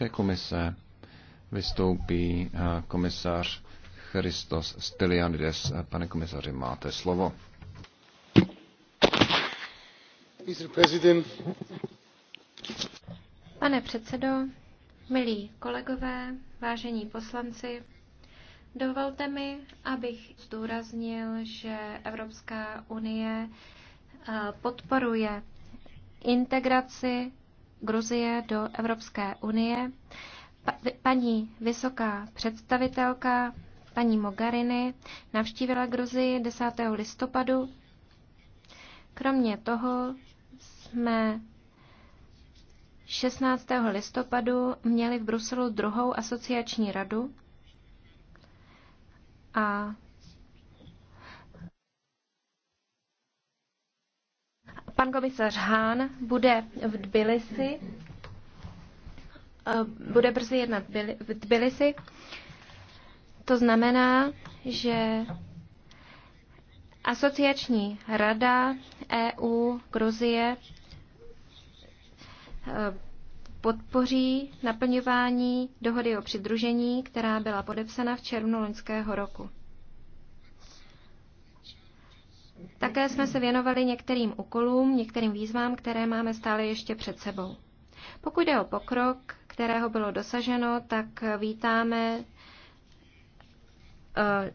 Evropské komise vystoupí eh, komisař Christos Stylianides. Eh, pane komisaři, máte slovo. Pane předsedo, milí kolegové, vážení poslanci, dovolte mi, abych zdůraznil, že Evropská unie eh, podporuje integraci Gruzie do Evropské unie. Pa, paní vysoká představitelka, paní Mogariny, navštívila Gruzii 10. listopadu. Kromě toho jsme 16. listopadu měli v Bruselu druhou asociační radu a Pan komisař Hán bude v Tbilisi, eh, bude brzy jednat v Tbilisi. To znamená, že asociační rada EU Gruzie eh, podpoří naplňování dohody o přidružení, která byla podepsána v červnu loňského roku. Také jsme se věnovali některým úkolům, některým výzvám, které máme stále ještě před sebou. Pokud jde o pokrok, kterého bylo dosaženo, tak vítáme eh,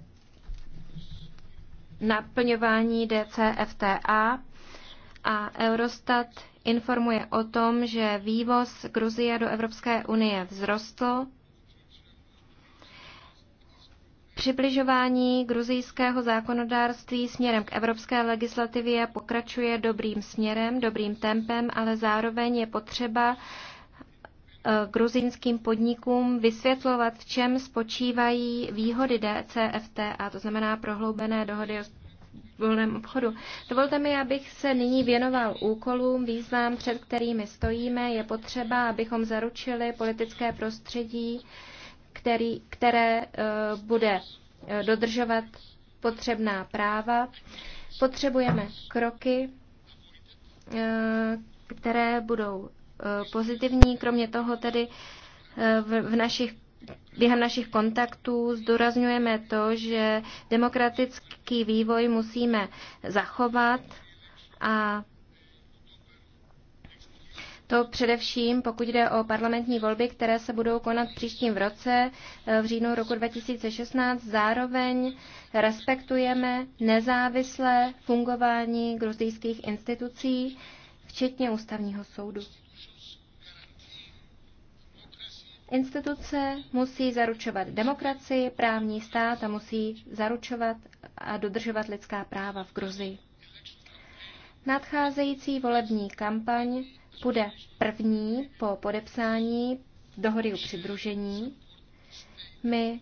naplňování DCFTA a Eurostat informuje o tom, že vývoz Gruzie do Evropské unie vzrostl Přibližování gruzijského zákonodárství směrem k evropské legislativě pokračuje dobrým směrem, dobrým tempem, ale zároveň je potřeba eh, gruzinským podnikům vysvětlovat, v čem spočívají výhody DCFT, a to znamená prohloubené dohody o volném obchodu. Dovolte mi, abych se nyní věnoval úkolům, výzvám, před kterými stojíme. Je potřeba, abychom zaručili politické prostředí, který, které eh, bude eh, dodržovat potřebná práva. Potřebujeme kroky, eh, které budou pozitivní. Kromě toho tedy v našich, během našich kontaktů zdůrazňujeme to, že demokratický vývoj musíme zachovat a to především, pokud jde o parlamentní volby, které se budou konat příštím v roce, eh, v říjnu roku 2016, zároveň respektujeme nezávislé fungování gruzijských institucí, včetně ústavního soudu. Instituce musí zaručovat demokracii, právní stát a musí zaručovat a dodržovat lidská práva v Gruzii. Nadcházející volební kampaň bude první po podepsání dohody o přidružení. My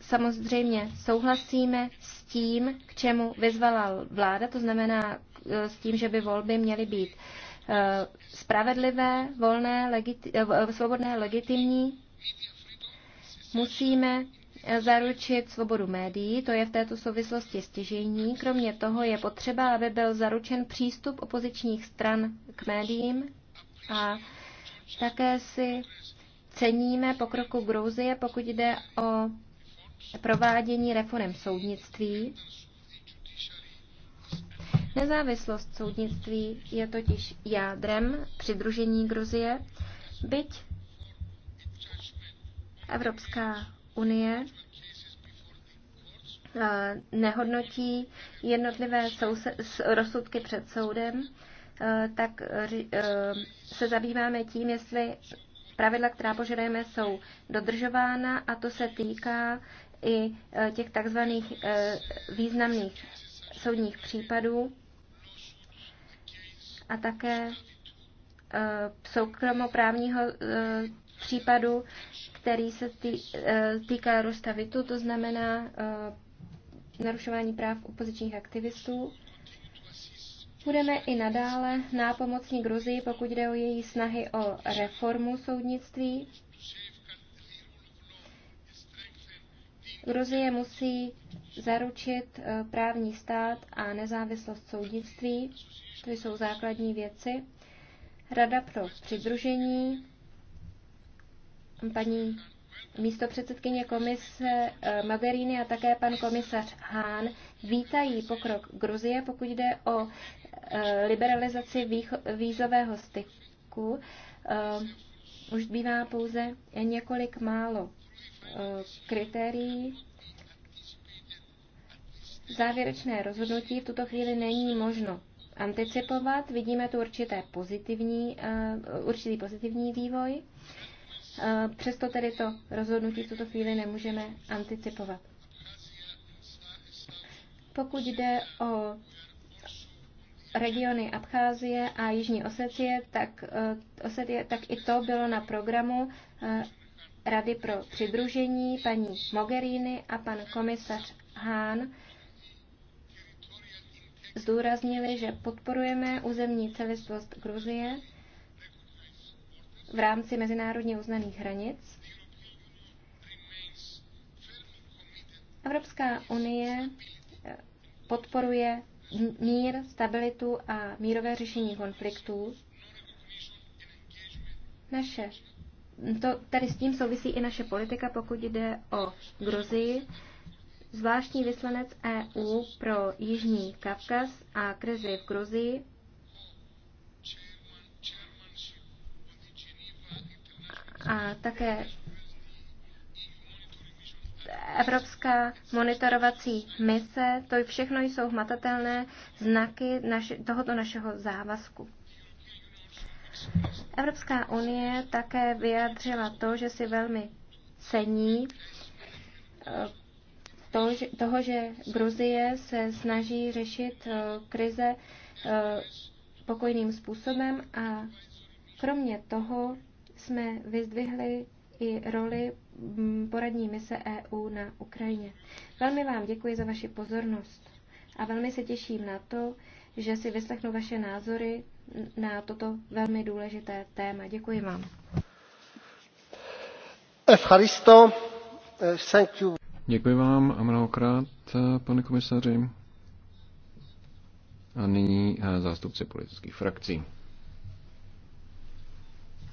samozřejmě souhlasíme s tím, k čemu vyzvala vláda, to znamená eh, s tím, že by volby měly být eh, spravedlivé, volné, legiti- eh, svobodné, legitimní. Musíme zaručit svobodu médií, to je v této souvislosti stěžení. Kromě toho je potřeba, aby byl zaručen přístup opozičních stran k médiím a také si ceníme pokroku Gruzie, pokud jde o provádění reform soudnictví. Nezávislost soudnictví je totiž jádrem přidružení Gruzie, byť Evropská unie eh, nehodnotí jednotlivé rozsudky před soudem, eh, tak eh, se zabýváme tím, jestli pravidla, která požadujeme, jsou dodržována a to se týká i těch takzvaných významných soudních případů a také soukromoprávního případu který se tý, eh, týká Rostavitu, to znamená eh, narušování práv opozičních aktivistů. Budeme i nadále nápomocní Gruzii, pokud jde o její snahy o reformu soudnictví. Gruzie musí zaručit eh, právní stát a nezávislost soudnictví. To jsou základní věci. Rada pro přidružení paní místo předsedkyně komise eh, Magerini a také pan komisař Hán vítají pokrok Gruzie, pokud jde o eh, liberalizaci vízového styku. Eh, už bývá pouze několik málo kritérií. Závěrečné rozhodnutí v tuto chvíli není možno anticipovat. Vidíme tu určité pozitivní, určitý pozitivní vývoj. Eh, přesto tedy to rozhodnutí v tuto chvíli nemůžeme anticipovat. Pokud jde o regiony Abcházie a Jižní Osetie, tak, eh, Osetie, tak i to bylo na programu eh, Rady pro přidružení paní Mogherini a pan komisař Hán zdůraznili, že podporujeme územní celistvost Gruzie v rámci mezinárodně uznaných hranic. Evropská unie eh, podporuje mír, stabilitu a mírové řešení konfliktů. Naše, to, tady s tím souvisí i naše politika, pokud jde o Gruzii. Zvláštní vyslanec EU pro Jižní Kavkaz a krizi v Gruzii a také Evropská monitorovací mise, to všechno jsou hmatatelné znaky naši, tohoto našeho závazku. Evropská unie také vyjádřila to, že si velmi cení eh, to, že, toho, že Gruzie se snaží řešit eh, krize eh, pokojným způsobem a kromě toho jsme vyzdvihli i roli mm, poradní mise EU na Ukrajině. Velmi vám děkuji za vaši pozornost a velmi se těším na to, že si vyslechnu vaše názory na toto velmi důležité téma. Děkuji vám. Evharisto, eh, thank you. Děkuji vám a mnohokrát, eh, pane komisaři. A nyní eh, zástupci politických frakcí.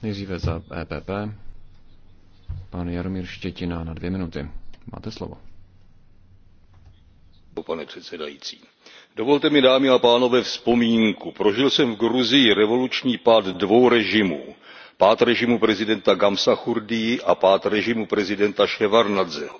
Nejdříve za EPP. Pan Jaromír Štětina na dvě minuty. Máte slovo. Pane předsedající, dovolte mi, dámy a pánové, vzpomínku. Prožil jsem v Gruzii revoluční pád dvou režimů. Pád režimu prezidenta Gamsa Churdii a pád režimu prezidenta Ševarnadzeho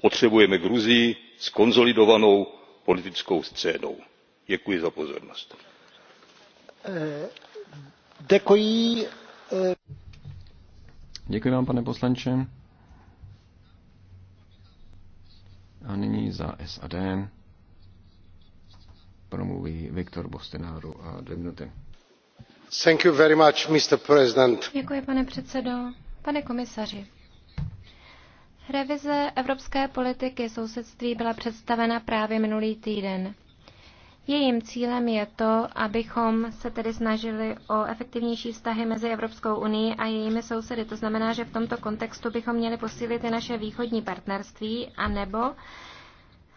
potřebujeme gruzii s konsolidovanou politickou scénou. děkuji za pozornost. Eh, děkuji. Eh. Děkuji vám, pane poslanče. A nyní za SAD promluví Viktor Bostenáru a dvě minuty. Thank you very much, Mr. President. Děkuji, pane předsedo. Pane komisaři, Revize evropské politiky sousedství byla představena právě minulý týden. Jejím cílem je to, abychom se tedy snažili o efektivnější vztahy mezi Evropskou unii a jejími sousedy. To znamená, že v tomto kontextu bychom měli posílit i naše východní partnerství, anebo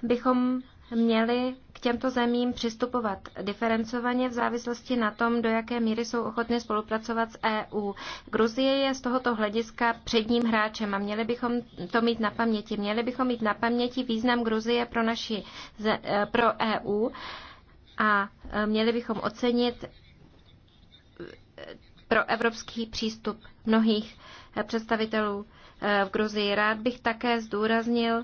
bychom měli k těmto zemím přistupovat diferencovaně v závislosti na tom, do jaké míry jsou ochotny spolupracovat s EU. Gruzie je z tohoto hlediska předním hráčem a měli bychom to mít na paměti. Měli bychom mít na paměti význam Gruzie pro, naši, eh, pro EU a eh, měli bychom ocenit eh, pro evropský přístup mnohých představitelů v Gruzii. Rád bych také zdůraznil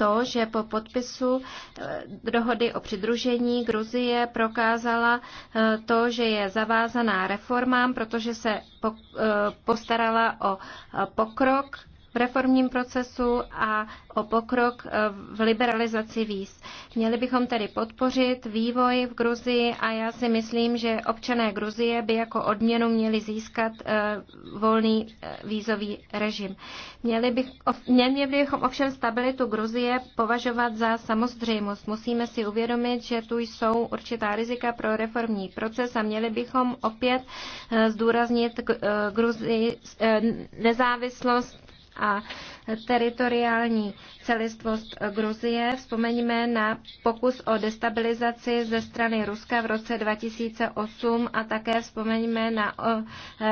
to, že po podpisu eh, dohody o přidružení Gruzie prokázala eh, to, že je zavázaná reformám, protože se eh, postarala o pokrok v reformním procesu a o pokrok eh, v liberalizaci víz. Měli bychom tedy podpořit vývoj v Gruzii a já si myslím, že občané Gruzie by jako odměnu měli získat eh, volný eh, vízový režim. Měli, bych, měli bychom ovšem stabilitu Gruzie považovat za samozřejmost. Musíme si uvědomit, že tu jsou určitá rizika pro reformní proces a měli bychom opět zdůraznit Gruzii nezávislost a teritoriální celistvost Gruzie. Vzpomeňme na pokus o destabilizaci ze strany Ruska v roce 2008 a také vzpomeňme na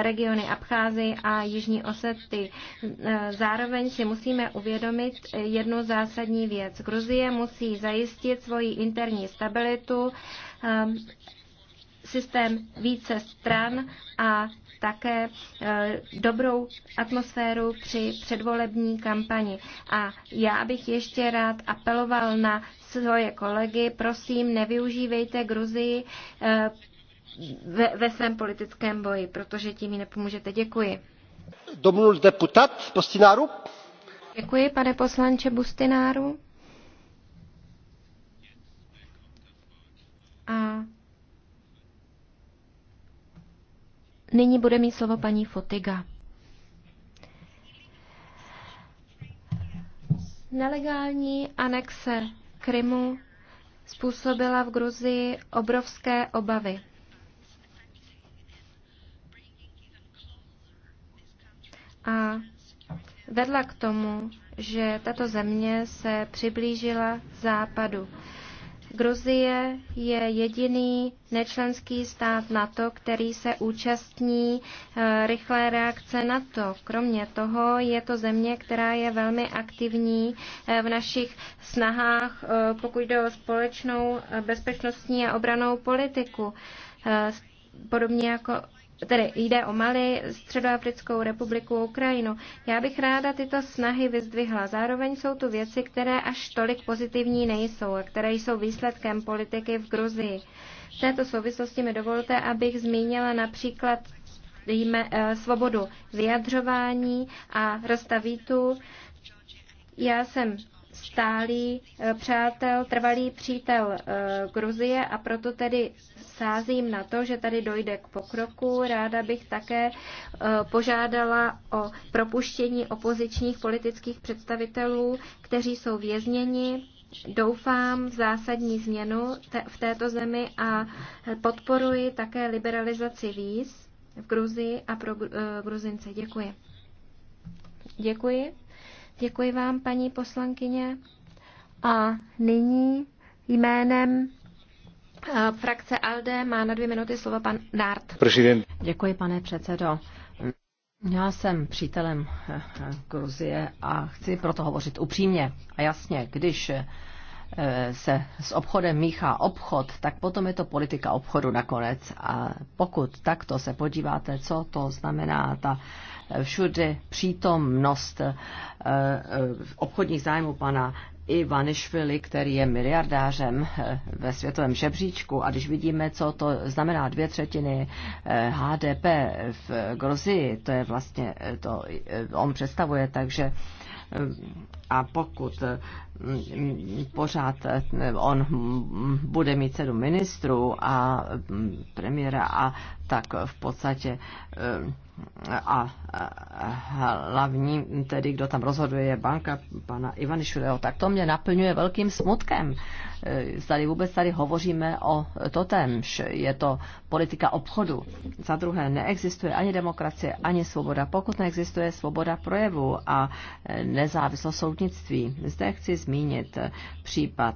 regiony Abcházy a Jižní Osety. Zároveň si musíme uvědomit jednu zásadní věc. Gruzie musí zajistit svoji interní stabilitu, systém více stran a také e, dobrou atmosféru při předvolební kampani. A já bych ještě rád apeloval na svoje kolegy, prosím, nevyužívejte Gruzii e, ve, ve svém politickém boji, protože tím ji nepomůžete. Děkuji. Domnul deputat Postináru. Děkuji, pane poslanče Bustináru. Nyní bude mít slovo paní Fotiga. Nelegální anexe Krymu způsobila v Gruzii obrovské obavy. A vedla k tomu, že tato země se přiblížila západu. Gruzie je jediný nečlenský stát NATO, který se účastní eh, rychlé reakce NATO. Kromě toho je to země, která je velmi aktivní eh, v našich snahách, eh, pokud jde o společnou bezpečnostní a obranou politiku. Podobně jako tedy jde o Mali, Středoafrickou republiku, Ukrajinu. Já bych ráda tyto snahy vyzdvihla. Zároveň jsou tu věci, které až tolik pozitivní nejsou a které jsou výsledkem politiky v Gruzii. V této souvislosti mi dovolte, abych zmínila například jme, eh, svobodu vyjadřování a rozstavítu. Já jsem stálý eh, přátel, trvalý přítel eh, Gruzie a proto tedy sázím na to, že tady dojde k pokroku. Ráda bych také eh, požádala o propuštění opozičních politických představitelů, kteří jsou vězněni. Doufám v zásadní změnu v této zemi a podporuji také liberalizaci víz v Gruzii a pro eh, Gruzince. Děkuji. Děkuji. Děkuji vám, paní poslankyně. A nyní jménem Frakce ALDE má na dvě minuty slovo pan Dart. Prezident. Děkuji, pane předsedo. Já jsem přítelem eh, eh, Gruzie a chci proto hovořit upřímně a jasně, když eh, se s obchodem míchá obchod, tak potom je to politika obchodu nakonec. A pokud takto se podíváte, co to znamená ta všude přítomnost obchodních zájmů pana Ivanišvili, který je miliardářem eh, ve světovém žebříčku. A když vidíme, co to znamená dvě třetiny HDP eh, v Grozii, to je vlastně, eh, to on představuje, takže a pokud pořád on bude mít sedm ministrů a mm, premiéra a tak v podstatě eh, a hlavní tedy, kdo tam rozhoduje, je banka pana Ivanišuleho. Tak to mě naplňuje velkým smutkem. Eh, tady vůbec tady hovoříme o že Je to politika obchodu. Za druhé, neexistuje ani demokracie, ani svoboda, pokud neexistuje svoboda projevu a eh, nezávislost soudnictví. Zde chci zmínit případ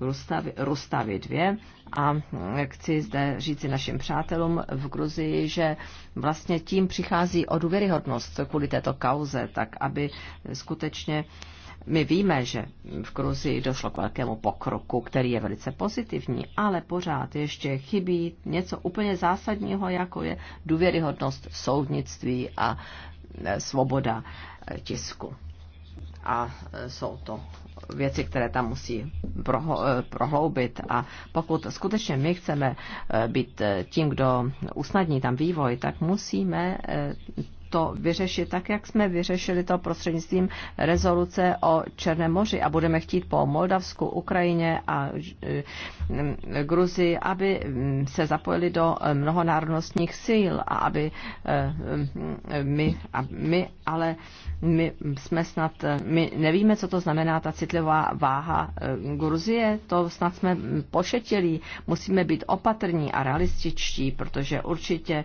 Rustavy, Rustavy 2 a chci zde říci našim přátelům v Gruzii, že vlastně tím přichází o důvěryhodnost kvůli této kauze, tak aby skutečně my víme, že v Gruzii došlo k velkému pokroku, který je velice pozitivní, ale pořád ještě chybí něco úplně zásadního, jako je důvěryhodnost soudnictví a e, svoboda e, tisku. A e, jsou to věci, které tam musí eh, prohloubit. A pokud skutečně my chceme eh, být eh, tím, kdo usnadní tam vývoj, tak musíme to vyřešit tak, jak jsme vyřešili to prostřednictvím rezoluce o Černém moři a budeme chtít po Moldavsku, Ukrajině a e, e, Gruzii, aby mm, se zapojili do e, mnohonárodnostních sil a aby my, a my ale my jsme snad, my nevíme, co to znamená ta citlivá váha Gruzie, to snad jsme pošetili. musíme být opatrní a realističtí, protože určitě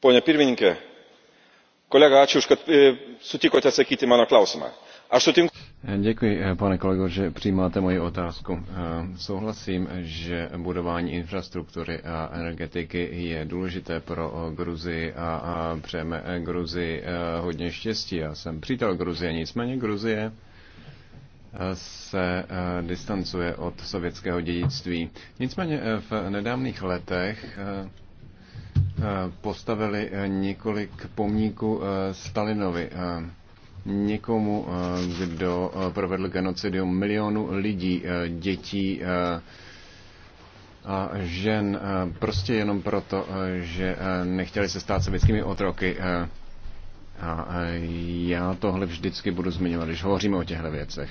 pone pirmininke kolega ačiū kad e, sutikote atsakyti į mano klausimą. aš sutinku. E, děkuji, e, pane kolego, že přijímáte moji otázku. Souhlasím, že budování infrastruktury a energetiky je důležité pro Gruzii a přejeme Gruzii hodně štěstí. Já jsem přítel Gruzie, nicméně Gruzie se eh, distancuje od sovětského dědictví. Nicméně eh, v nedávných letech eh, postavili několik pomníků Stalinovi, někomu, kdo provedl genocidium milionu lidí, dětí a žen, prostě jenom proto, že nechtěli se stát sovětskými otroky. A já tohle vždycky budu zmiňovat, když hovoříme o těchto věcech.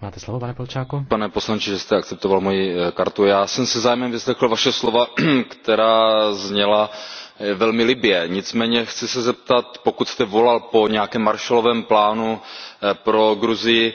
pane Pane poslanče, že jste akceptoval moji eh, kartu. Já jsem se zájmem vyslechl vaše slova, která zněla eh, velmi libě. Nicméně chci se zeptat, pokud jste volal po nějakém Marshallovém plánu eh, pro Gruzii,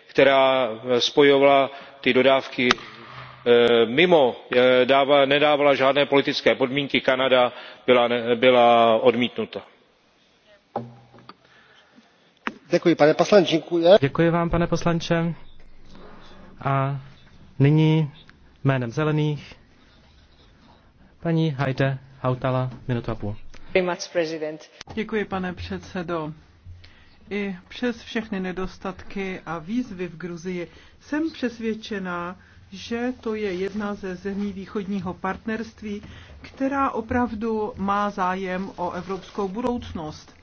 která eh, spojovala ty dodávky eh, mimo eh, nedávala žádné politické podmínky kanada byla odmítnuta. Děkuji, pane poslanče. Děkuji vám, pane poslanče. A nyní jménem zelených paní Heide Hautala, minutu a půl. Děkuji, pane předsedo i přes všechny nedostatky a výzvy v Gruzii jsem přesvědčená, že to je jedna ze zemí východního partnerství, která opravdu má zájem o evropskou budoucnost.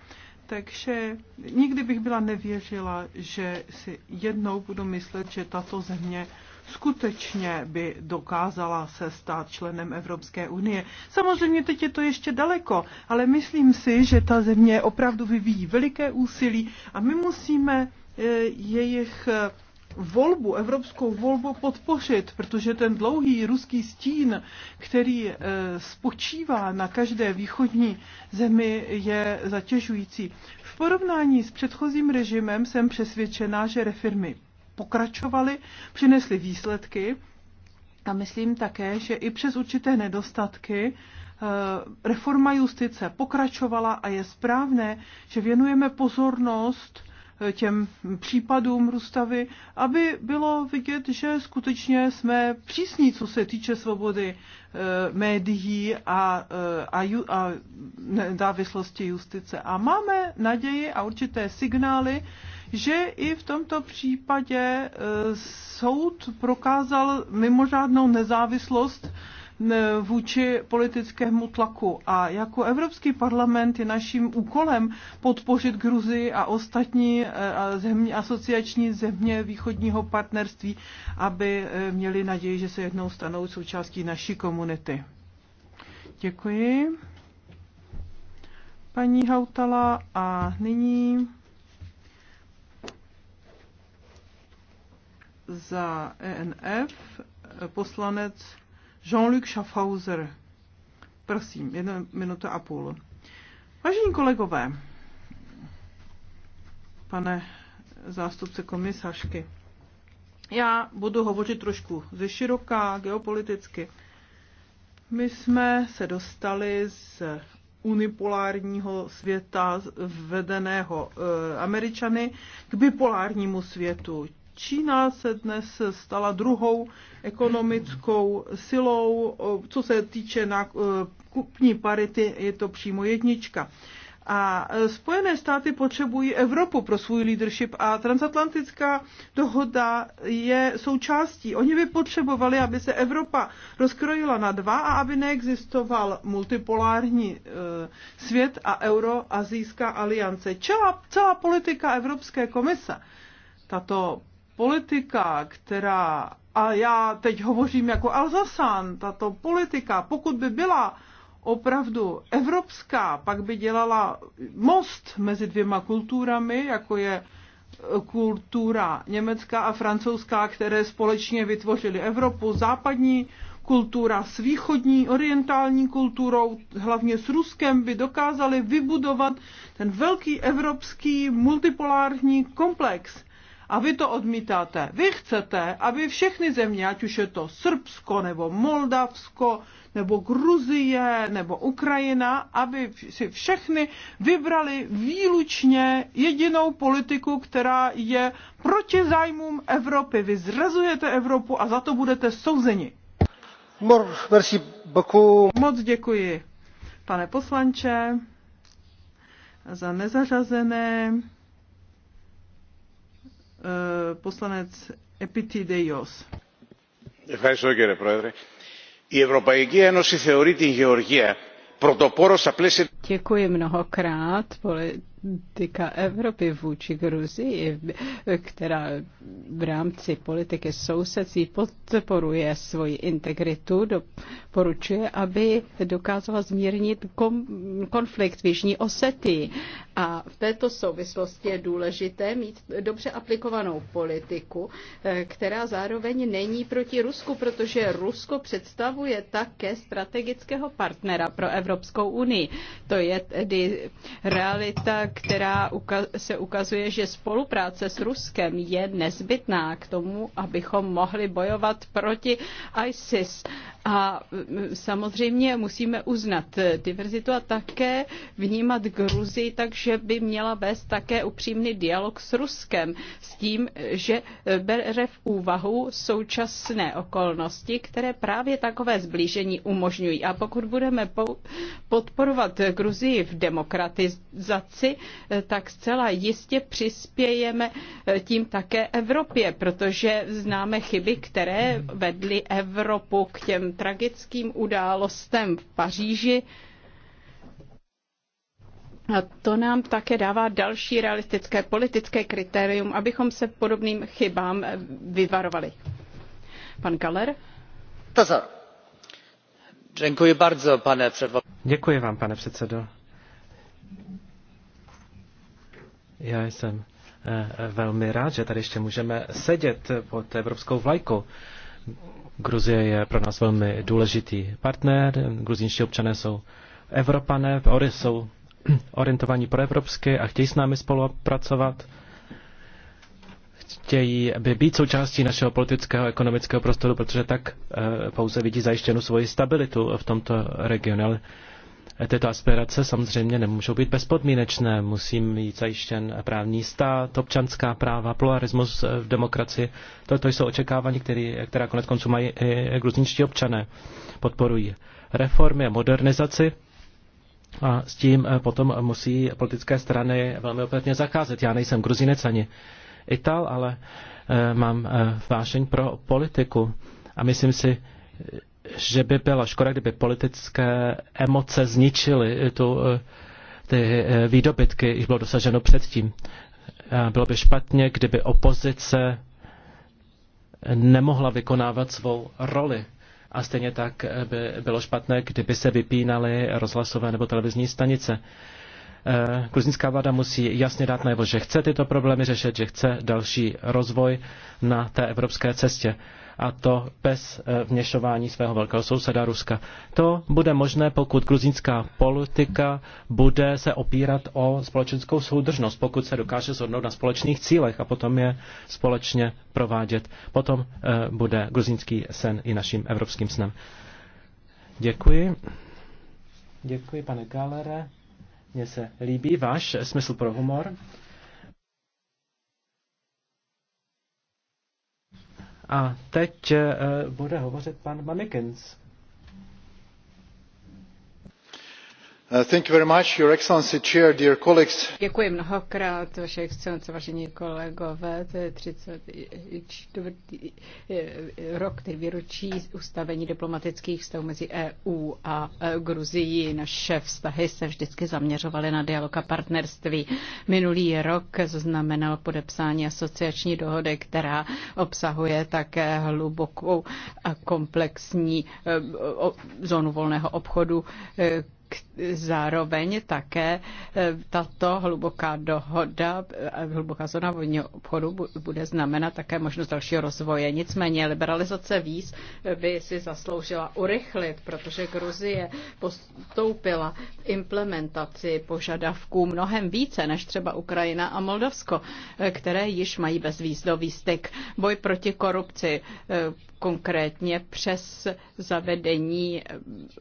Takže nikdy bych byla nevěřila, že si jednou budu myslet, že tato země skutečně by dokázala se stát členem Evropské unie. Samozřejmě teď je to ještě daleko, ale myslím si, že ta země opravdu vyvíjí veliké úsilí a my musíme eh, jejich eh, volbu, evropskou volbu podpořit, protože ten dlouhý ruský stín, který eh, spočívá na každé východní zemi, je zatěžující. V porovnání s předchozím režimem jsem přesvědčená, že reformy Pokračovali, přinesli výsledky. A myslím také, že i přes určité nedostatky eh, reforma justice pokračovala a je správné, že věnujeme pozornost eh, těm případům Rustavy, aby bylo vidět, že skutečně jsme přísní, co se týče svobody eh, médií a, a, ju, a nezávislosti justice. A máme naději a určité signály, že i v tomto případě e, soud prokázal mimořádnou nezávislost e, vůči politickému tlaku. A jako Evropský parlament je naším úkolem podpořit Gruzii a ostatní e, země, asociační země východního partnerství, aby měli naději, že se jednou stanou součástí naší komunity. Děkuji. Paní Hautala a nyní za ENF poslanec Jean-Luc Schaffhauser. Prosím, jedna minuta a půl. Vážení kolegové, pane zástupce komisařky, já budu hovořit trošku ze široká, geopoliticky. My jsme se dostali z unipolárního světa vedeného eh, Američany k bipolárnímu světu. Čína se dnes stala druhou ekonomickou silou, co se týče eh, kupní parity, je to přímo jednička. A eh, Spojené státy potřebují Evropu pro svůj leadership a transatlantická dohoda je součástí. Oni by potřebovali, aby se Evropa rozkrojila na dva a aby neexistoval multipolární eh, svět a euroazijská aliance. Celá, celá politika Evropské komise tato politika, která, a já teď hovořím jako Alzasan, tato politika, pokud by byla opravdu evropská, pak by dělala most mezi dvěma kulturami, jako je e, kultura německá a francouzská, které společně vytvořily Evropu, západní kultura s východní orientální kulturou, hlavně s Ruskem, by dokázali vybudovat ten velký evropský multipolární komplex. A vy to odmítáte. Vy chcete, aby všechny země, ať už je to Srbsko, nebo Moldavsko, nebo Gruzie, nebo Ukrajina, aby si všechny vybrali výlučně jedinou politiku, která je proti zájmům Evropy. Vy zrazujete Evropu a za to budete souzeni. Moc děkuji, pane poslanče, za nezařazené poslanec Epitideios. Ευχαριστώ κύριε Πρόεδρε. Η Ευρωπαϊκή Ένωση θεωρεί την Γεωργία πρωτοπόρο στα πλαίσια. Děkuji mnohokrát politika Evropy vůči Gruzii, která v rámci politiky sousedství podporuje svoji integritu, doporučuje, aby dokázala zmírnit konflikt v Jižní Osety. A v této souvislosti je důležité mít dobře aplikovanou politiku, která zároveň není proti Rusku, protože Rusko představuje také strategického partnera pro Evropskou unii. To je tedy realita, která se ukazuje, že spolupráce s Ruskem je nezbytná k tomu, abychom mohli bojovat proti ISIS. A mm, samozřejmě musíme uznat diverzitu a také vnímat Gruzi, takže by měla vést také upřímný dialog s Ruskem s tím, že bere v úvahu současné okolnosti, které právě takové zblížení umožňují. A pokud budeme podporovat Gruzii v demokratizaci, Eh, tak zcela jistě přispějeme eh, tím také Evropě, protože známe chyby, které vedly Evropu k těm tragickým událostem v Paříži. A to nám také dává další realistické politické kritérium, abychom se podobným chybám eh, vyvarovali. Pan Galer? Děkuji, vám, pane předsedo. Já jsem eh, velmi rád, že tady ještě můžeme sedět pod evropskou vlajkou. Gruzie je pro nás velmi důležitý partner, gruzínští občané jsou Evropané, ory jsou orientovaní evropské, a chtějí s námi spolupracovat. Chtějí by být součástí našeho politického a ekonomického prostoru, protože tak eh, pouze vidí zajištěnu svoji stabilitu v tomto regionu. Ale tyto aspirace samozřejmě nemůžou být bezpodmínečné. Musí mít zajištěn právní stát, občanská práva, pluralismus v demokracii. To jsou očekávání, které, která konec konců mají i gruzinští občané. Podporují reformy a modernizaci. A s tím eh, potom musí politické strany velmi opětně zacházet. Já nejsem gruzinec ani Ital, ale eh, mám eh, vášeň pro politiku. A myslím si, že by byla škoda, kdyby politické emoce zničily tu, ty eh, výdobytky, jich bylo dosaženo předtím. Bylo by špatně, kdyby opozice nemohla vykonávat svou roli. A stejně tak eh, by bylo špatné, kdyby se vypínaly rozhlasové nebo televizní stanice. Eh, Gruzinská vláda musí jasně dát najevo, že chce tyto problémy řešit, že chce další rozvoj na té evropské cestě a to bez eh, vněšování svého velkého souseda Ruska. To bude možné, pokud gruzínská politika bude se opírat o společenskou soudržnost, pokud se dokáže shodnout na společných cílech a potom je společně provádět. Potom eh, bude gruzínský sen i naším evropským snem. Děkuji. Děkuji, pane Galere. Mně se líbí váš smysl pro humor. A teď eh, bude hovořit pan Mamikens. Děkuji mnohokrát, vaše excelence, vážení kolegové. To je 34. rok, který výročí ustavení diplomatických vztahů mezi EU a e, Gruzií. Naše vztahy se vždycky zaměřovaly na dialog a partnerství. Minulý rok zaznamenal podepsání asociační dohody, která obsahuje také hlubokou a komplexní e, zónu volného obchodu, e, zároveň také eh, tato hluboká dohoda, eh, hluboká zóna vodního obchodu bude znamenat také možnost dalšího rozvoje. Nicméně liberalizace víz eh, by si zasloužila urychlit, protože Gruzie postoupila v implementaci požadavků mnohem více než třeba Ukrajina a Moldavsko, které již mají bezvýzdový styk. Boj proti korupci konkrétně přes zavedení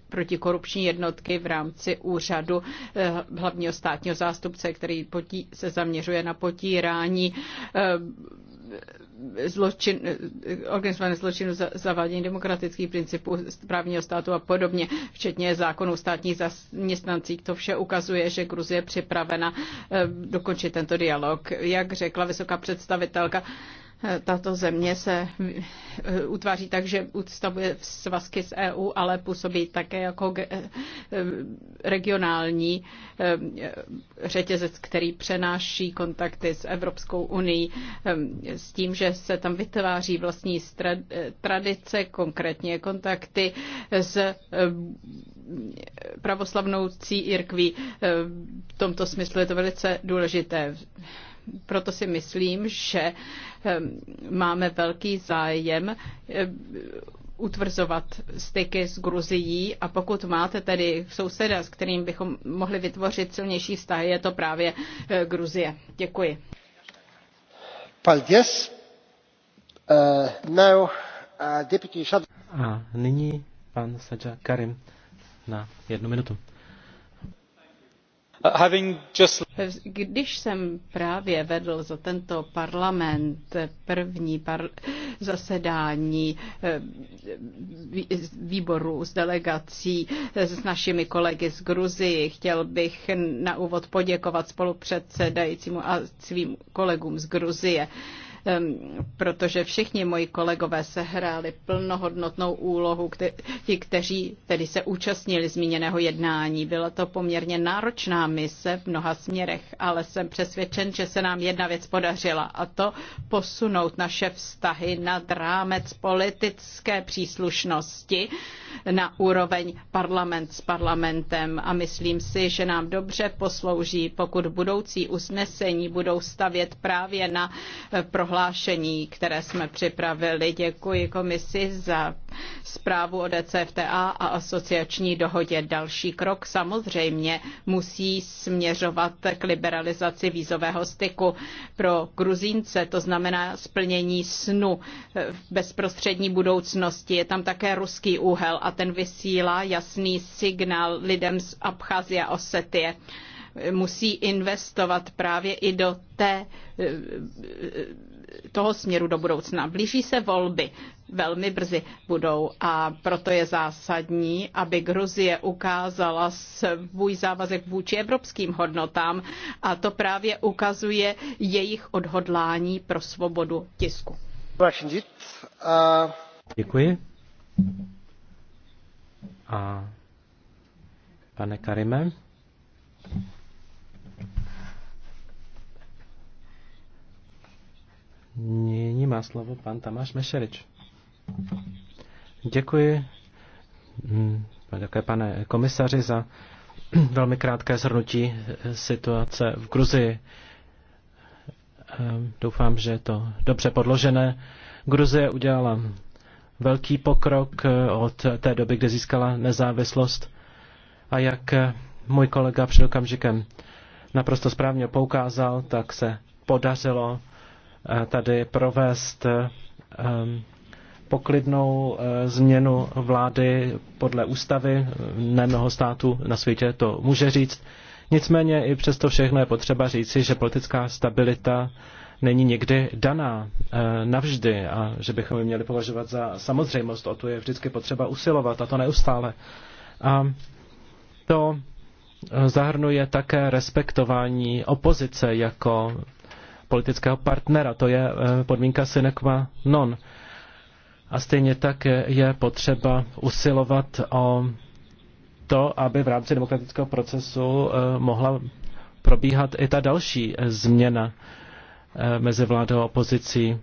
protikorupční jednotky v rámci práci úřadu eh, hlavního státního zástupce, který potí, se zaměřuje na potírání eh, zločin, eh, organizované zločinu, zavádění demokratických principů právního státu a podobně, včetně zákonů státních zaměstnancích. To vše ukazuje, že Gruzie je připravena dokončit tento dialog. Jak řekla vysoká představitelka, tato země se eh, utváří tak, že ustavuje svazky s EU, ale působí také jako eh, regionální eh, řetězec, který přenáší kontakty s Evropskou unii s tím, že se tam vytváří vlastní tradice, konkrétně kontakty s pravoslavnou církví. V tomto smyslu je to velice důležité. Proto si myslím, že ehm, máme velký zájem ehm, utvrzovat styky s Gruzií a pokud máte tedy souseda, s kterým bychom mohli vytvořit silnější vztahy, je to právě eh, Gruzie. Děkuji. Eh, eh, a nyní pan Sadža Karim na jednu minutu. Uh, Když jsem právě vedl za tento parlament první par- zasedání eh, výboru s delegací eh, s našimi kolegy z Gruzii, chtěl bych na úvod poděkovat spolupředsedajícímu a svým kolegům z Gruzie protože všichni moji kolegové sehráli plnohodnotnou úlohu, ti, kteří tedy se účastnili zmíněného jednání. Byla to poměrně náročná mise v mnoha směrech, ale jsem přesvědčen, že se nám jedna věc podařila a to posunout naše vztahy nad rámec politické příslušnosti na úroveň parlament s parlamentem a myslím si, že nám dobře poslouží, pokud budoucí usnesení budou stavět právě na eh, prohlášení prohlášení, které jsme připravili. Děkuji komisi za zprávu o DCFTA a asociační dohodě. Další krok samozřejmě musí směřovat k liberalizaci vízového styku pro Gruzínce, to znamená splnění snu v bezprostřední budoucnosti. Je tam také ruský úhel a ten vysílá jasný signál lidem z Abcházie a Osetie musí investovat právě i do té toho směru do budoucna. Blíží se volby, velmi brzy budou a proto je zásadní, aby Gruzie ukázala svůj závazek vůči evropským hodnotám a to právě ukazuje jejich odhodlání pro svobodu tisku. Děkuji. A pane Karime? Nyní má slovo pan Tamáš Mešerič. Děkuji. Mm, děkuji, pane komisaři, za velmi krátké zhrnutí eh, situace v Gruzii. Ehm, doufám, že je to dobře podložené. Gruzie udělala velký pokrok eh, od té doby, kdy získala nezávislost. A jak eh, můj kolega před okamžikem naprosto správně poukázal, tak se podařilo Eh, tady provést eh, poklidnou eh, změnu vlády podle ústavy. Nemnoho států na světě to může říct. Nicméně i přesto všechno je potřeba říci, že politická stabilita není nikdy daná navždy a že bychom ji měli považovat za samozřejmost. O to je vždycky potřeba usilovat a to neustále. A to zahrnuje také respektování opozice jako politického partnera. To je eh, podmínka sine qua non. A stejně tak je potřeba usilovat o to, aby v rámci demokratického procesu eh, mohla probíhat i ta další eh, změna mezi vládou a opozicí.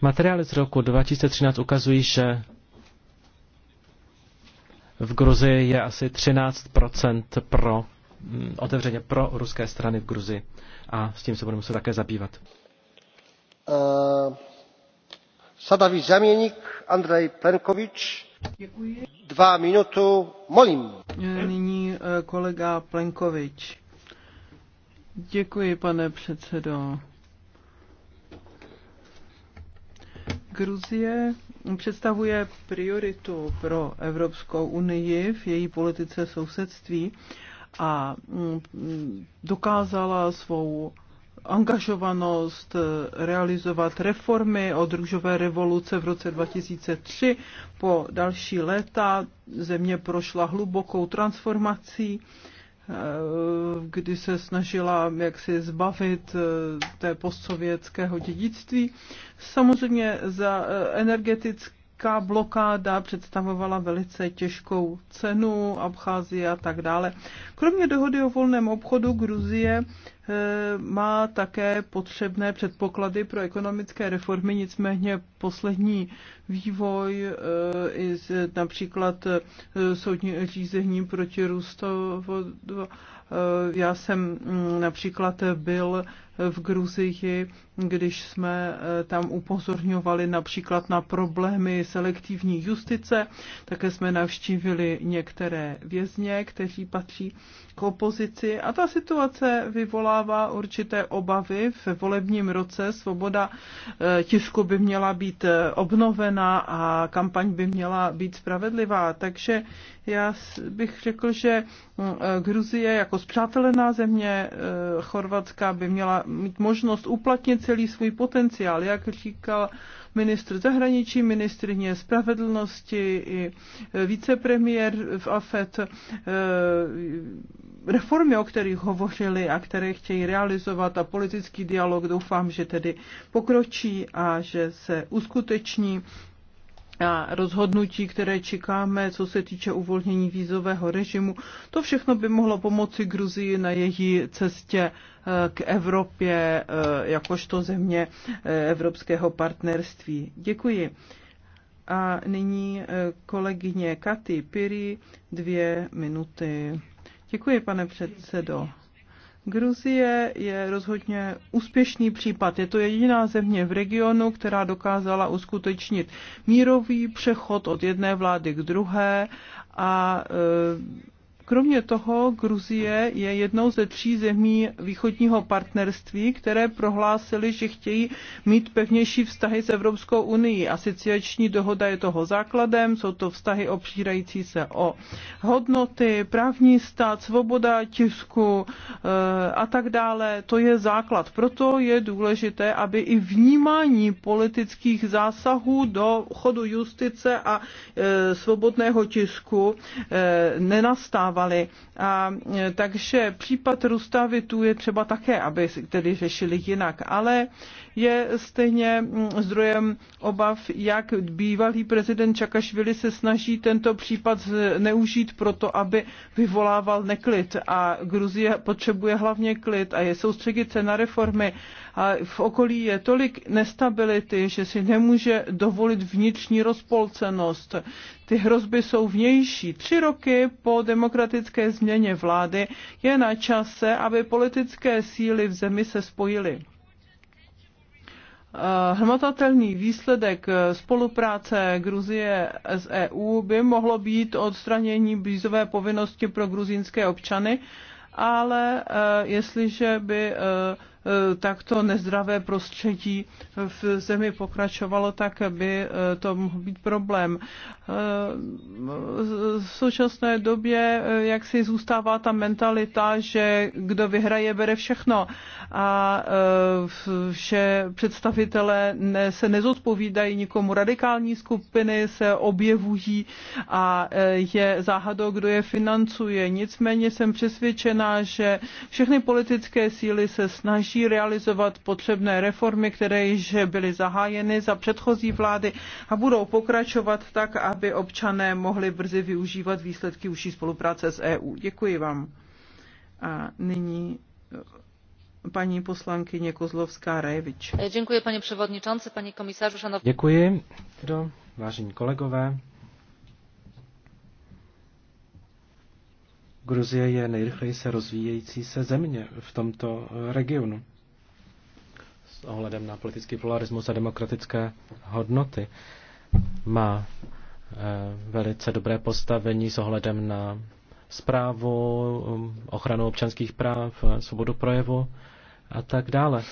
Materiály z roku 2013 ukazují, že v Gruzii je asi 13 pro Mm, otevřeně pro ruské strany v Gruzi a s tím se budeme muset také zabývat. Uh, sadavý Zaměník, Andrej Plenkovič. Děkuji. Dva minutu, molím. Eh, nyní eh, kolega Plenkovič. Děkuji, pane předsedo. Gruzie představuje prioritu pro Evropskou unii v její politice sousedství a mm, dokázala svou angažovanost eh, realizovat reformy od růžové revoluce v roce 2003. Po další léta země prošla hlubokou transformací, eh, kdy se snažila jaksi zbavit eh, té postsovětského dědictví. Samozřejmě za energetické Americká blokáda představovala velice těžkou cenu, Abcházie a tak dále. Kromě dohody o volném obchodu Gruzie Eh, má také potřebné předpoklady pro ekonomické reformy, nicméně poslední vývoj eh, i například eh, soudní řízení proti růstu. Já jsem mm, například byl v Gruzii, když jsme tam upozorňovali například na problémy selektivní justice, také jsme navštívili některé vězně, kteří patří k opozici a ta situace vyvolává určité obavy v volebním roce. Svoboda e, tisku by měla být e, obnovena a kampaň by měla být spravedlivá. Takže já bych řekl, že e, Gruzie jako zpřátelená země Chorvatska by měla mít možnost uplatnit celý svůj potenciál. Jak říkal ministr zahraničí, ministrně spravedlnosti i e, vicepremiér v AFET e, reformy, o kterých hovořili a které chtějí realizovat a politický dialog doufám, že tedy pokročí a že se uskuteční a rozhodnutí, které čekáme, co se týče uvolnění vízového režimu. To všechno by mohlo pomoci Gruzii na její cestě eh, k Evropě eh, jakožto země eh, evropského partnerství. Děkuji. A nyní kolegyně Katy Piri, dvě minuty. Děkuji, pane předsedo. Gruzie je rozhodně úspěšný případ. Je to jediná země v regionu, která dokázala uskutečnit mírový přechod od jedné vlády k druhé a e, Kromě toho Gruzie je jednou ze tří zemí východního partnerství, které prohlásily, že chtějí mít pevnější vztahy s Evropskou unii. Asociační dohoda je toho základem, jsou to vztahy opřírající se o hodnoty, právní stát, svoboda tisku eh, a tak dále. To je základ. Proto je důležité, aby i vnímání politických zásahů do chodu justice a eh, svobodného tisku eh, nenastávalo vyjednávali. A, e, takže případ Rustavitu je třeba také, aby tedy řešili jinak. Ale je stejně mm, zdrojem obav, jak bývalý prezident Čakašvili se snaží tento případ zneužít proto, aby vyvolával neklid. A Gruzie potřebuje hlavně klid a je soustředit se na reformy. A v okolí je tolik nestability, že si nemůže dovolit vnitřní rozpolcenost. Ty hrozby jsou vnější. Tři roky po demokratické změně vlády je na čase, aby politické síly v zemi se spojily. Eh, hmatatelný výsledek eh, spolupráce Gruzie s EU by mohlo být odstranění bízové povinnosti pro gruzínské občany, ale eh, jestliže by Eh, takto nezdravé prostředí v zemi pokračovalo, tak by eh, to mohl být problém. Eh, v současné době jak si zůstává ta mentalita, že kdo vyhraje, bere všechno a že představitelé se nezodpovídají nikomu. Radikální skupiny se objevují a je záhadou, kdo je financuje. Nicméně jsem přesvědčená, že všechny politické síly se snaží daří realizovat potřebné reformy, které již byly zahájeny za předchozí vlády a budou pokračovat tak, aby občané mohli brzy využívat výsledky užší spolupráce s EU. Děkuji vám. A nyní eh, paní poslankyně Kozlovská Rajevič. Děkuji, pane předsedající, pane komisařu šanov... Děkuji, vážení kolegové. Gruzie je nejrychleji se rozvíjející se země v tomto eh, regionu s ohledem na politický polarismus a demokratické hodnoty. Má eh, velice dobré postavení s ohledem na zprávu, eh, ochranu občanských práv, svobodu projevu a tak dále.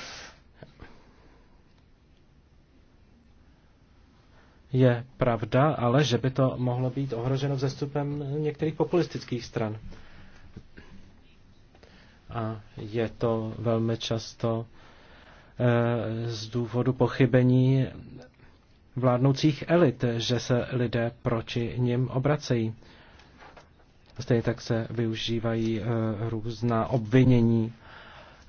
Je pravda, ale že by to mohlo být ohroženo vzestupem některých populistických stran a je to velmi často eh, z důvodu pochybení vládnoucích elit, že se lidé proti nim obracejí. Stejně tak se využívají eh, různá obvinění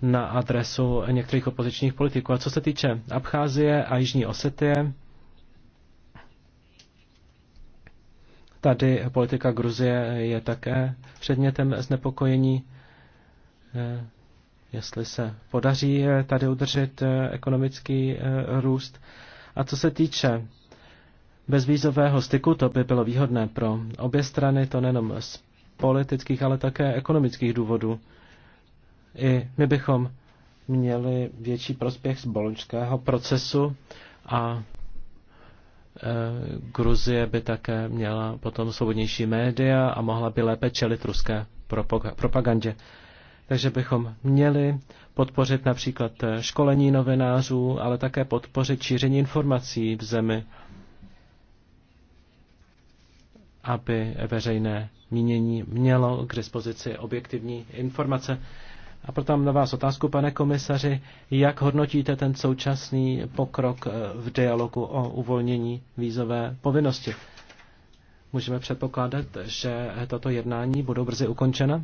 na adresu některých opozičních politiků. A co se týče Abcházie a Jižní Osetie, tady politika Gruzie je také předmětem znepokojení. Eh, jestli se podaří eh, tady udržet eh, ekonomický růst. A co se týče bezvízového styku, to by bylo výhodné pro obě strany, to nejenom z politických, ale také ekonomických důvodů. I my bychom měli větší prospěch z boloňského procesu a Gruzie by také měla potom svobodnější média a mohla by lépe čelit ruské propagandě. Takže bychom měli podpořit například školení novinářů, ale také podpořit šíření informací v zemi, aby veřejné mínění mělo k dispozici objektivní informace. A proto mám na vás otázku, pane komisaři, jak hodnotíte ten současný pokrok eh, v dialogu o uvolnění vízové povinnosti? Můžeme předpokládat, že tato jednání budou brzy ukončena?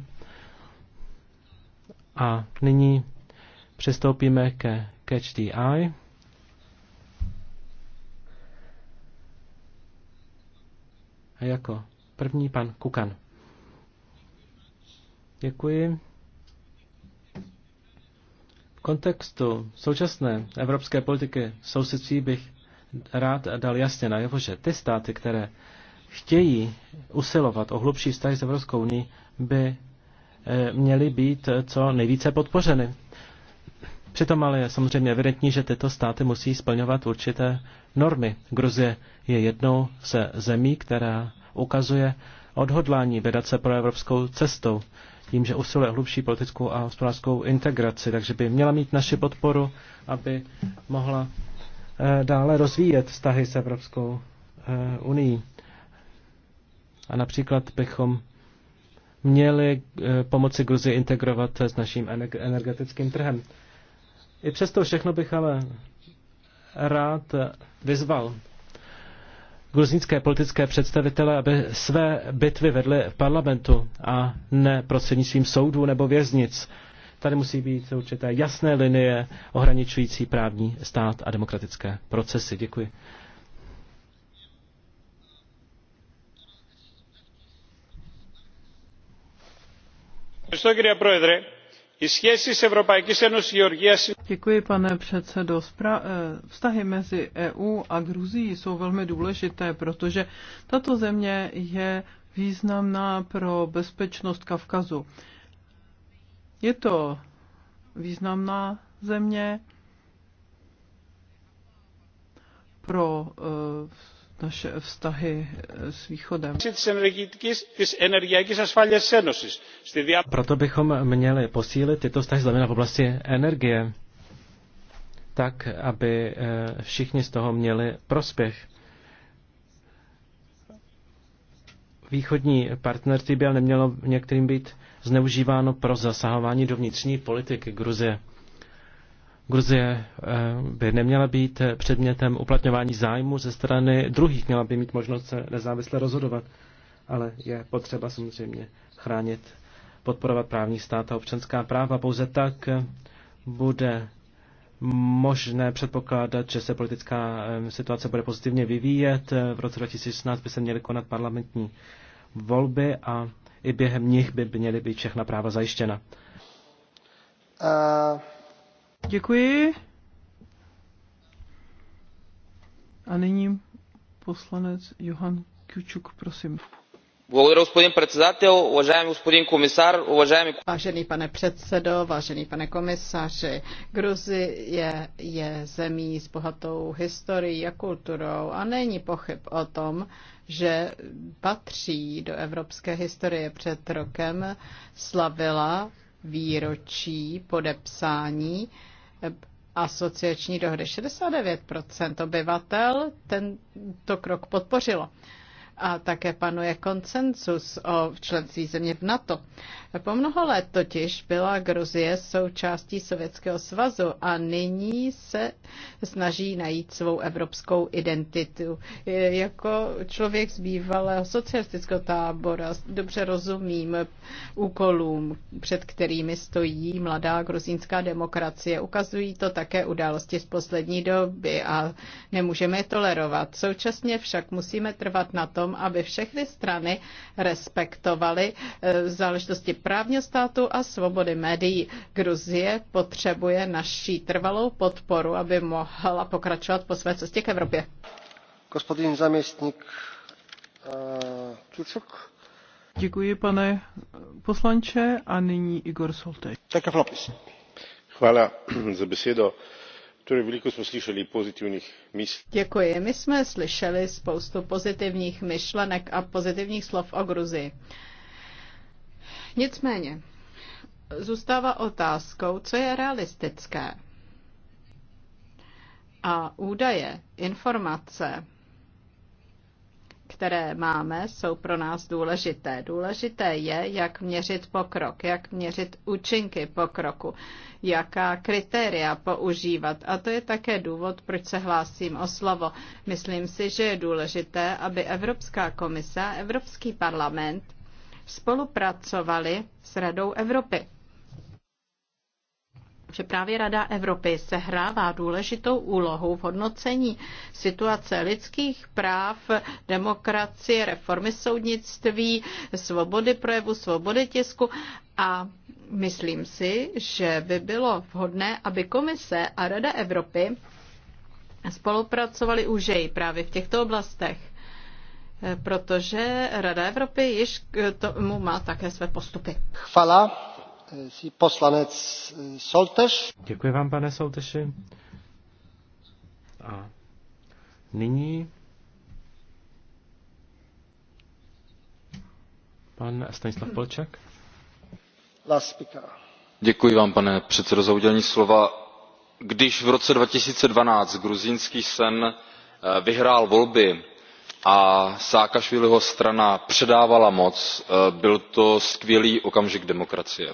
A nyní přistoupíme ke Catch the Eye. A jako první pan Kukan. Děkuji. V kontextu současné evropské politiky sousedství bych rád dal jasně najevo, že ty státy, které chtějí usilovat o hlubší vztahy s Evropskou unii, by Eh, měly být eh, co nejvíce podpořeny. Přitom ale je samozřejmě evidentní, že tyto státy musí splňovat určité normy. Gruzie je jednou ze zemí, která ukazuje odhodlání vydat se pro evropskou cestou, tím, že usiluje hlubší politickou a hospodářskou integraci, takže by měla mít naši podporu, aby mohla eh, dále rozvíjet vztahy s Evropskou unii. A například bychom měly eh, pomoci Gruzii integrovat s naším energetickým trhem. I přesto všechno bych ale rád vyzval gruzínské politické představitele, aby své bitvy vedly v parlamentu a ne prostřednictvím soudů nebo věznic. Tady musí být určité jasné linie ohraničující právní stát a demokratické procesy. Děkuji. pane předsedající eh, Vztahy mezi EU a Gruzií jsou velmi důležité, protože tato země je významná pro bezpečnost Kavkazu. Je to významná země pro eh, naše vztahy eh, s východem. Proto bychom měli posílit tyto vztahy zejména v oblasti energie, tak, aby eh, všichni z toho měli prospěch. Východní partnerství by ale nemělo některým být zneužíváno pro zasahování do vnitřní politiky Gruzie. Gruzie eh, by neměla být eh, předmětem uplatňování zájmu ze strany druhých, měla by mít možnost se nezávisle rozhodovat, ale je potřeba samozřejmě chránit, podporovat právní stát a občanská práva. Pouze tak eh, bude možné předpokládat, že se politická situace bude pozitivně vyvíjet. V roce 2016 by se měly konat parlamentní volby a i během nich by měly být všechna práva zajištěna. Uh... Děkuji. A nyní poslanec Johan Kučuk, prosím. Vážený pane předsedo, vážený pane komisaři, Gruzie je zemí s bohatou historií a kulturou a není pochyb o tom, že patří do evropské historie. Před rokem slavila výročí podepsání asociační dohody. 69% obyvatel tento krok podpořilo a také panuje koncensus o členství země v NATO. Po mnoho let totiž byla Gruzie součástí Sovětského svazu a nyní se snaží najít svou evropskou identitu. Jako člověk z bývalého socialistického tábora dobře rozumím úkolům, před kterými stojí mladá gruzínská demokracie. Ukazují to také události z poslední doby a nemůžeme je tolerovat. Současně však musíme trvat na tom, tom, aby všechny strany respektovaly eh, záležitosti právního státu a svobody médií. Gruzie potřebuje naší trvalou podporu, aby mohla pokračovat po své cestě k Evropě. Gospodin zaměstník Čučuk. Eh, Děkuji, pane poslanče. A nyní Igor Soltej. Čekaj, Chvala za besedo. Torej veliko Děkuji. My jsme slyšeli spoustu pozitivních myšlenek a pozitivních slov o Gruzii. Nicméně, zůstává otázkou, co je realistické. A údaje, informace, které máme, jsou pro nás důležité. Důležité je, jak měřit pokrok, jak měřit účinky pokroku, jaká kritéria používat. A to je také důvod, proč se hlásím o slovo. Myslím si, že je důležité, aby Evropská komise a Evropský parlament spolupracovali s Radou Evropy že právě Rada Evropy sehrává důležitou úlohu v hodnocení situace lidských práv, demokracie, reformy soudnictví, svobody projevu, svobody tisku a myslím si, že by bylo vhodné, aby komise a Rada Evropy spolupracovali úžeji právě v těchto oblastech, protože Rada Evropy již k tomu má také své postupy. Chvala. Eh, poslanec eh, Děkuji vám, pane Solteši. A nyní pan Stanislav Polčák. Děkuji vám, pane předsedo, za udělení slova. Když v roce 2012 gruzínský sen eh, vyhrál volby a Sákašviliho strana předávala moc byl to skvělý okamžik demokracie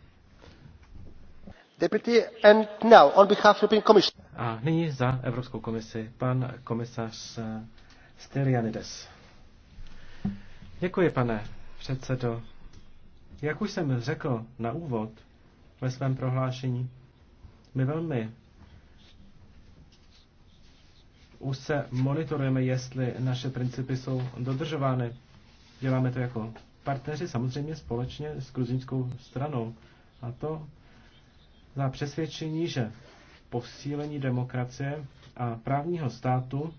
A nyní za Evropskou komisi pan komisař eh, Stylianides. Děkuji, pane předsedo. Jak už jsem řekl na úvod ve svém prohlášení, my velmi už se monitorujeme, jestli naše principy jsou dodržovány. Děláme to jako partneři, samozřejmě společně s gruzínskou stranou. A to za přesvědčení, že posílení demokracie a právního státu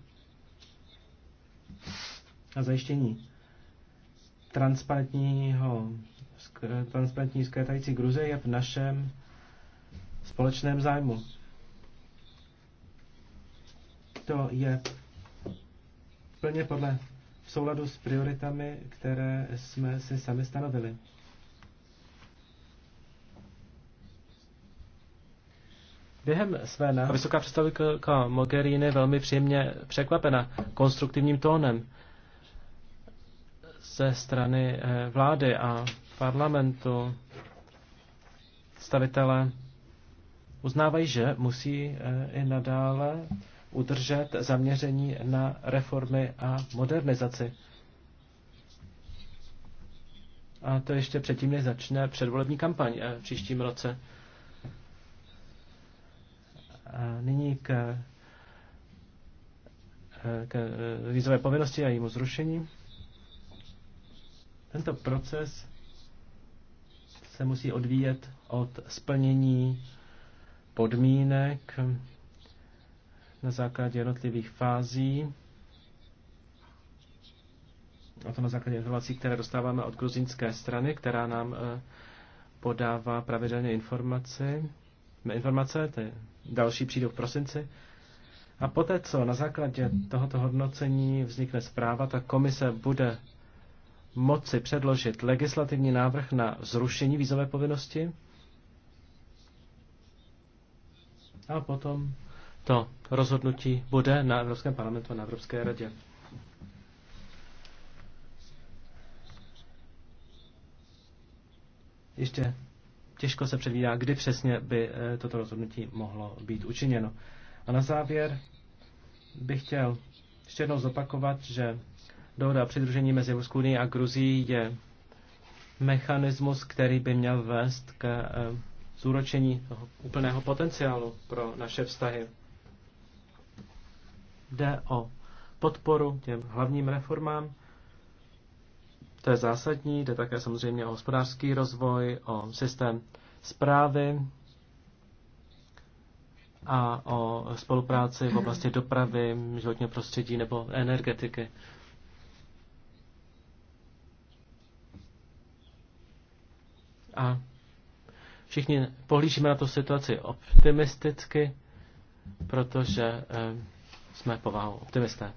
a zajištění transparentního, transparentní skvětající Gruze je v našem společném zájmu. To je plně podle v souladu s prioritami, které jsme si sami stanovili. Během své návštěvy vysoká představitelka Mogherini velmi příjemně překvapena konstruktivním tónem ze strany eh, vlády a parlamentu stavitele uznávají, že musí eh, i nadále udržet zaměření na reformy a modernizaci. A to ještě předtím, než začne předvolební kampaň v eh, příštím roce. Nyní k, k vízové povinnosti a jejímu zrušení. Tento proces se musí odvíjet od splnění podmínek na základě jednotlivých fází a to na základě informací, které dostáváme od gruzínské strany, která nám eh, podává pravidelně informace, informace, ty další přijdou v prosinci. A poté, co na základě tohoto hodnocení vznikne zpráva, tak komise bude moci předložit legislativní návrh na zrušení vízové povinnosti a potom to rozhodnutí bude na Evropském parlamentu a na Evropské radě. Ještě těžko se předvídá, kdy přesně by eh, toto rozhodnutí mohlo být učiněno. A na závěr bych chtěl ještě jednou zopakovat, že dohoda přidružení mezi Evropskou unii a Gruzií je mechanismus, který by měl vést k eh, zúročení toho úplného potenciálu pro naše vztahy. Jde o podporu těm hlavním reformám, to je zásadní, jde také samozřejmě o hospodářský rozvoj, o systém zprávy a o spolupráci v oblasti dopravy, životního prostředí nebo energetiky. A všichni pohlížíme na tu situaci optimisticky, protože eh, jsme povahou optimisté.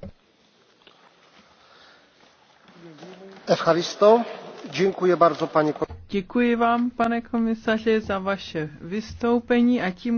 Děkuji vám, pane komisaři, za vaše vystoupení a tím